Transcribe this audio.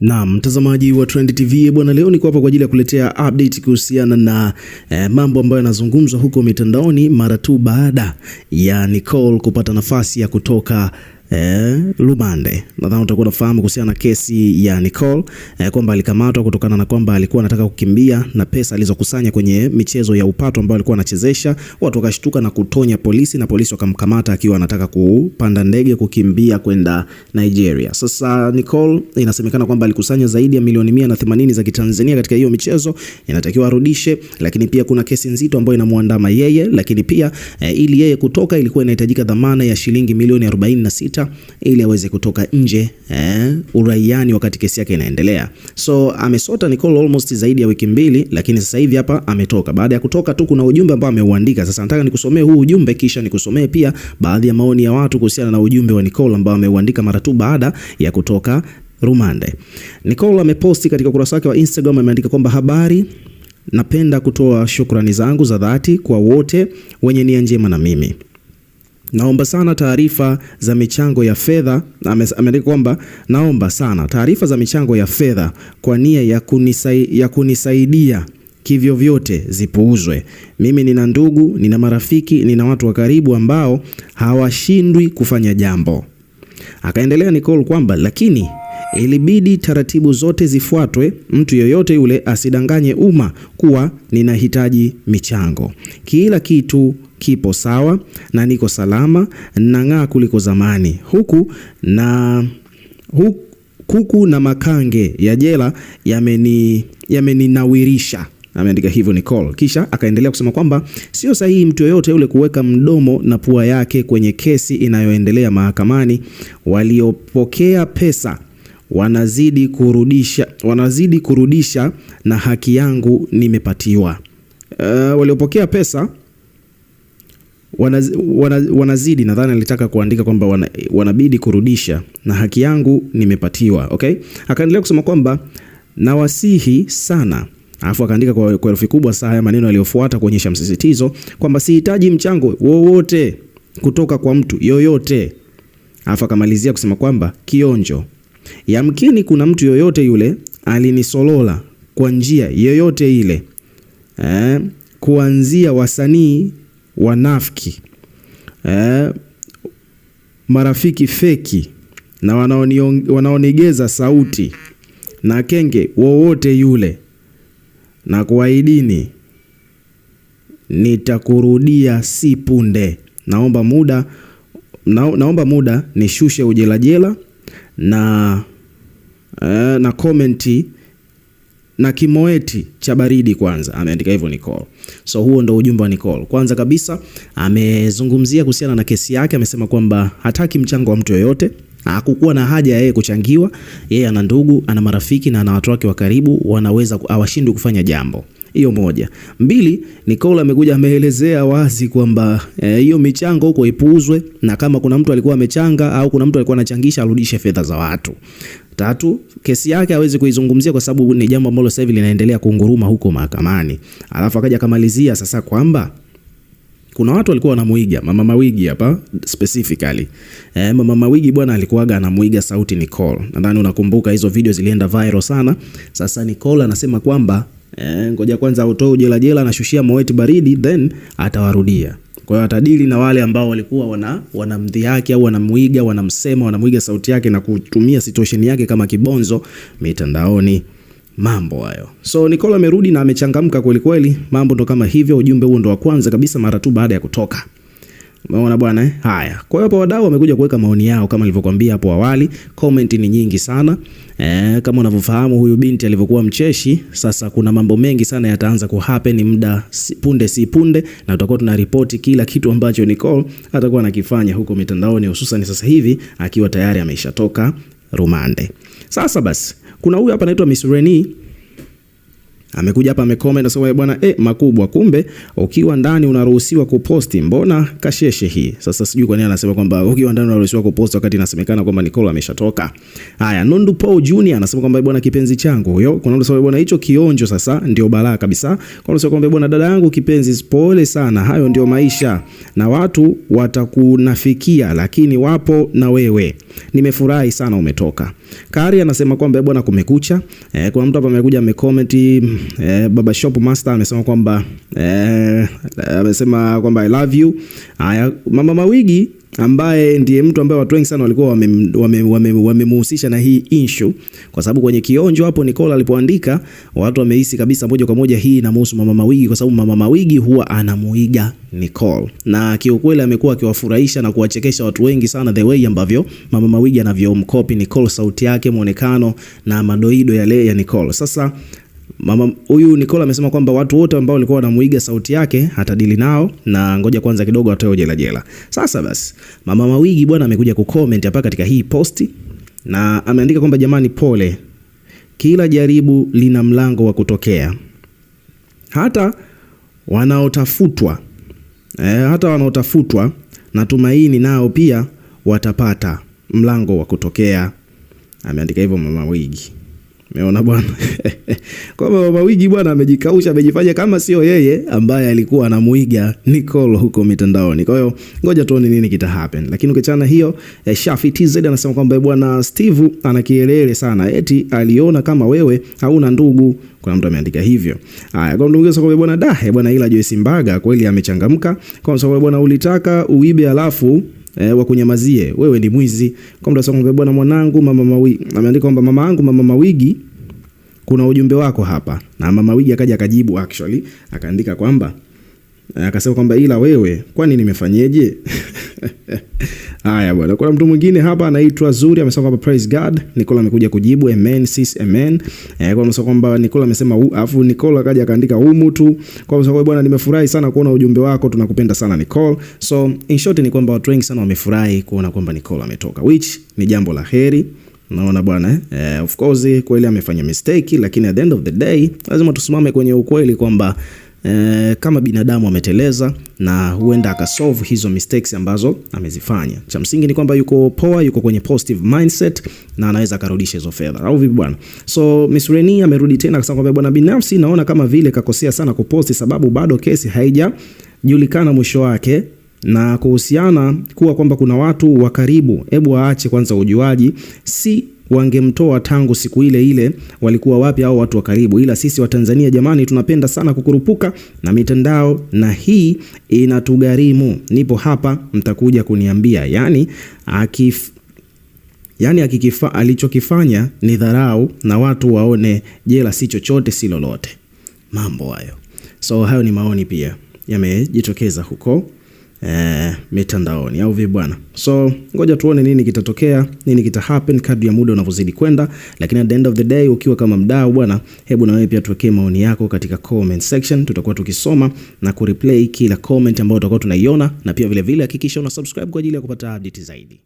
Na mtazamaji wa Trend TV bwana, leo niko hapa kwa ajili ya kuletea update kuhusiana na eh, mambo ambayo yanazungumzwa huko mitandaoni mara tu baada ya Nicole kupata nafasi ya kutoka eh, Lubande, nadhani utakuwa unafahamu kuhusiana na kesi ya Nicole eh, kwamba alikamatwa kutokana na kwamba alikuwa anataka kukimbia na pesa alizokusanya kwenye michezo ya upato ambayo alikuwa anachezesha. Watu wakashtuka na kutonya polisi, na polisi wakamkamata akiwa anataka kupanda ndege kukimbia kwenda Nigeria. Sasa Nicole inasemekana kwamba alikusanya zaidi ya milioni mia na themanini za Kitanzania katika hiyo michezo, inatakiwa arudishe, lakini pia kuna kesi nzito ambayo inamwandama yeye, lakini pia eh, ili yeye kutoka ilikuwa inahitajika dhamana ya shilingi milioni 46 sita ili aweze kutoka nje eh, uraiani wakati kesi yake inaendelea. So amesota Nicole almost zaidi ya wiki mbili, lakini sasa hivi hapa ametoka. Baada ya kutoka tu kuna ujumbe ambao ameuandika. Sasa nataka nikusomee huu ujumbe, kisha nikusomee pia baadhi ya maoni ya watu kuhusiana na ujumbe wa Nicole ambao ameuandika mara tu baada ya kutoka rumande. Nicole ameposti katika ukurasa wake wa Instagram, ameandika kwamba habari Napenda kutoa shukrani zangu za dhati kwa wote wenye nia njema na mimi. Naomba sana taarifa za michango ya fedha. Ameandika kwamba naomba sana taarifa za michango ya fedha kwa nia ya, kunisai, ya kunisaidia kivyo vyote zipuuzwe. Mimi nina ndugu, nina marafiki, nina watu wa karibu ambao hawashindwi kufanya jambo. Akaendelea Nicole kwamba lakini ilibidi taratibu zote zifuatwe, mtu yoyote yule asidanganye umma kuwa ninahitaji michango. Kila kitu kipo sawa na niko salama, nang'aa kuliko zamani, huku na huku kuku na makange ya jela yameninawirisha, ameandika hivyo Nicole. Kisha akaendelea kusema kwamba sio sahihi mtu yoyote yule kuweka mdomo na pua yake kwenye kesi inayoendelea mahakamani. Waliopokea pesa wanazidi kurudisha, wanazidi kurudisha na haki yangu nimepatiwa. Uh, waliopokea pesa wanazidi, wanazidi nadhani alitaka kuandika kwamba wana, wanabidi kurudisha na haki yangu nimepatiwa okay? Akaendelea kusema kwamba nawasihi sana alafu akaandika kwa herufi kubwa saa haya maneno yaliyofuata kuonyesha msisitizo kwamba sihitaji mchango wowote kutoka kwa mtu yoyote. Alafu akamalizia kusema kwamba kionjo Yamkini kuna mtu yoyote yule alinisolola kwa njia yoyote ile eh, kuanzia wasanii wanafiki eh, marafiki feki na wanaonigeza sauti na kenge wowote yule, na kuahidini nitakurudia si punde. Naomba muda, na, naomba muda nishushe ujelajela na, eh, na komenti na kimoeti cha baridi kwanza, ameandika hivyo Nicole. So huo ndo ujumbe wa Nicole. Kwanza kabisa amezungumzia kuhusiana na kesi yake, amesema kwamba hataki mchango wa mtu yoyote, hakukuwa na haja ya yeye kuchangiwa. Yeye ana ndugu, ana marafiki na ana watu wake wa karibu, wanaweza awashindwe kufanya jambo. Hiyo moja. Mbili, Nicole amekuja ameelezea wazi kwamba eh, hiyo e, michango huko ipuuzwe na kama kuna mtu alikuwa amechanga au kuna mtu alikuwa anachangisha arudishe fedha za watu. Tatu, kesi yake hawezi kuizungumzia kwa sababu ni jambo ambalo sasa hivi linaendelea kunguruma huko mahakamani. Alafu akaja kamalizia sasa kwamba kuna watu walikuwa wanamuiga Mama Mawigi hapa specifically. E, Mama Mawigi bwana alikuwaga anamuiga sauti Nicole. Nadhani unakumbuka hizo video zilienda viral sana. Sasa Nicole anasema kwamba eh, ngoja kwanza autoe jela jela, anashushia maweti baridi, then atawarudia. Kwa hiyo atadili na wale ambao walikuwa wana yake au wanamuiga, wanamsema, wanamuiga sauti yake na kutumia situation yake kama kibonzo mitandaoni. Mambo hayo. So Nicola amerudi na amechangamka kweli kweli. Mambo ndo kama hivyo. Ujumbe huo ndo wa kwanza kabisa mara tu baada ya kutoka. Umeona bwana eh? Haya. Kwa hiyo hapo wadau wamekuja kuweka maoni yao kama nilivyokuambia hapo awali. Comment ni nyingi sana. E, kama unavyofahamu huyu binti alivyokuwa mcheshi, sasa kuna mambo mengi sana yataanza ku happen muda punde si punde na tutakuwa tunaripoti kila kitu ambacho Nicole atakuwa anakifanya huko mitandaoni hususan sasa hivi akiwa tayari ameshatoka rumande. Sasa basi kuna huyu hapa anaitwa Miss Renee Amekuja hapa amecomment anasema eh, bwana eh, makubwa. Kumbe ukiwa ndani unaruhusiwa kuposti, mbona kasheshe hii? Sasa sijui kwa nini anasema kwamba ukiwa ndani unaruhusiwa kuposti wakati inasemekana kwamba Nicole ameshatoka. Haya, Nondu Paul Junior anasema kwamba eh, bwana, kipenzi changu huyo. Kuna mtu anasema bwana, hicho kionjo sasa ndio balaa kabisa. Kwa mtu anasema kwamba eh, bwana, dada yangu kipenzi, pole sana, hayo ndio maisha na watu watakunafikia, lakini wapo na wewe. Nimefurahi sana umetoka. Kari anasema kwamba bwana, kumekucha. Eh, kuna mtu hapa amekuja amecomment eh, Baba Shop Master amesema kwamba eh, amesema kwamba I love you. Haya, Mama Mawigi ambaye ndiye mtu ambaye watu wengi sana walikuwa wamemhusisha wame, wame wame na hii issue kwa sababu kwenye kionjo hapo Nicole alipoandika watu wamehisi kabisa moja kwa moja hii inamhusu Mama Mawigi, kwa sababu Mama Mawigi huwa anamuiga Nicole. na kiukweli amekuwa akiwafurahisha na kuwachekesha watu wengi sana, the way ambavyo Mama Mawigi anavyomkopi Nicole, sauti yake, muonekano na madoido yale ya Nicole. Sasa Mama huyu Nicola amesema kwamba watu wote ambao walikuwa wanamuiga sauti yake hatadili nao na ngoja kwanza kidogo atoe jela jela. Sasa basi, Mama Mawigi bwana amekuja comment hapa katika hii posti na ameandika kwamba jamani, pole, kila jaribu lina mlango wa kutokea, hata wanaotafutwa e, hata wanaotafutwa natumaini nao pia watapata mlango wa kutokea. Ameandika hivyo Mama Mawigi. Umeona bwana kwamba Mama Wigi bwana amejikausha, amejifanya kama sio yeye ambaye alikuwa anamuiga Nicole huko mitandaoni. Kwa hiyo ngoja tuone nini kita happen, lakini ukiachana hiyo eh, Shafi TZ anasema kwamba eh, bwana Steve ana kielele sana, eti aliona kama wewe hauna ndugu. Kuna mtu ameandika hivyo. Haya, kwa mtu mwingine bwana dahe eh, bwana, ila Joyce Mbaga kweli amechangamka kwa sababu bwana, ulitaka uibe alafu eh, wakunyamazie wewe ni mwizi. Kwa mtu asema bwana mwanangu, mama mawi ameandika kwamba mama yangu, mama mawigi kuna ujumbe wako hapa, na mama wigi akaja akajibu, actually akaandika kwamba eh, akasema kwamba ila wewe kwani nimefanyeje? Haya bwana, kuna mtu mwingine hapa anaitwa Zuri amesema kwamba praise God. Nicola amekuja kujibu amen sis amen. Eh, kwa msao kwamba Nicola amesema afu Nicola kaja akaandika humu tu. Kwa msao bwana, nimefurahi sana kuona ujumbe wako, tunakupenda sana Nicole. So in short ni kwamba watu wengi sana wamefurahi kuona kwamba Nicola ametoka which ni jambo la heri. Naona bwana eh, of course kweli amefanya mistake, lakini at the end of the day lazima tusimame kwenye ukweli kwamba e, kama binadamu ameteleza na huenda akasolve hizo mistakes ambazo amezifanya. Cha msingi ni kwamba yuko poa, yuko kwenye positive mindset na anaweza akarudisha hizo fedha, au vipi bwana? So Miss Reni amerudi tena akasema kwamba bwana, binafsi naona kama vile kakosea sana kuposti, sababu bado kesi haijajulikana mwisho wake na kuhusiana kuwa kwamba kuna watu wa karibu, hebu waache kwanza ujuaji, si wangemtoa tangu siku ile ile, walikuwa wapi au watu wa karibu? Ila sisi Watanzania jamani, tunapenda sana kukurupuka na mitandao na hii inatugharimu. Nipo hapa, mtakuja kuniambia yani akif yani akikifa, alichokifanya ni dharau na watu waone jela si chochote si lolote, mambo hayo. So hayo ni maoni pia yamejitokeza huko eh, mitandaoni au vipi bwana? So ngoja tuone nini kitatokea, nini kita happen kadri ya muda unavyozidi kwenda, lakini at the end of the day ukiwa kama mdau bwana, hebu na wewe pia tuwekee maoni yako katika comment section, tutakuwa tukisoma na kureplay kila comment ambayo utakuwa tunaiona, na pia vile vile hakikisha una subscribe kwa ajili ya kupata update zaidi.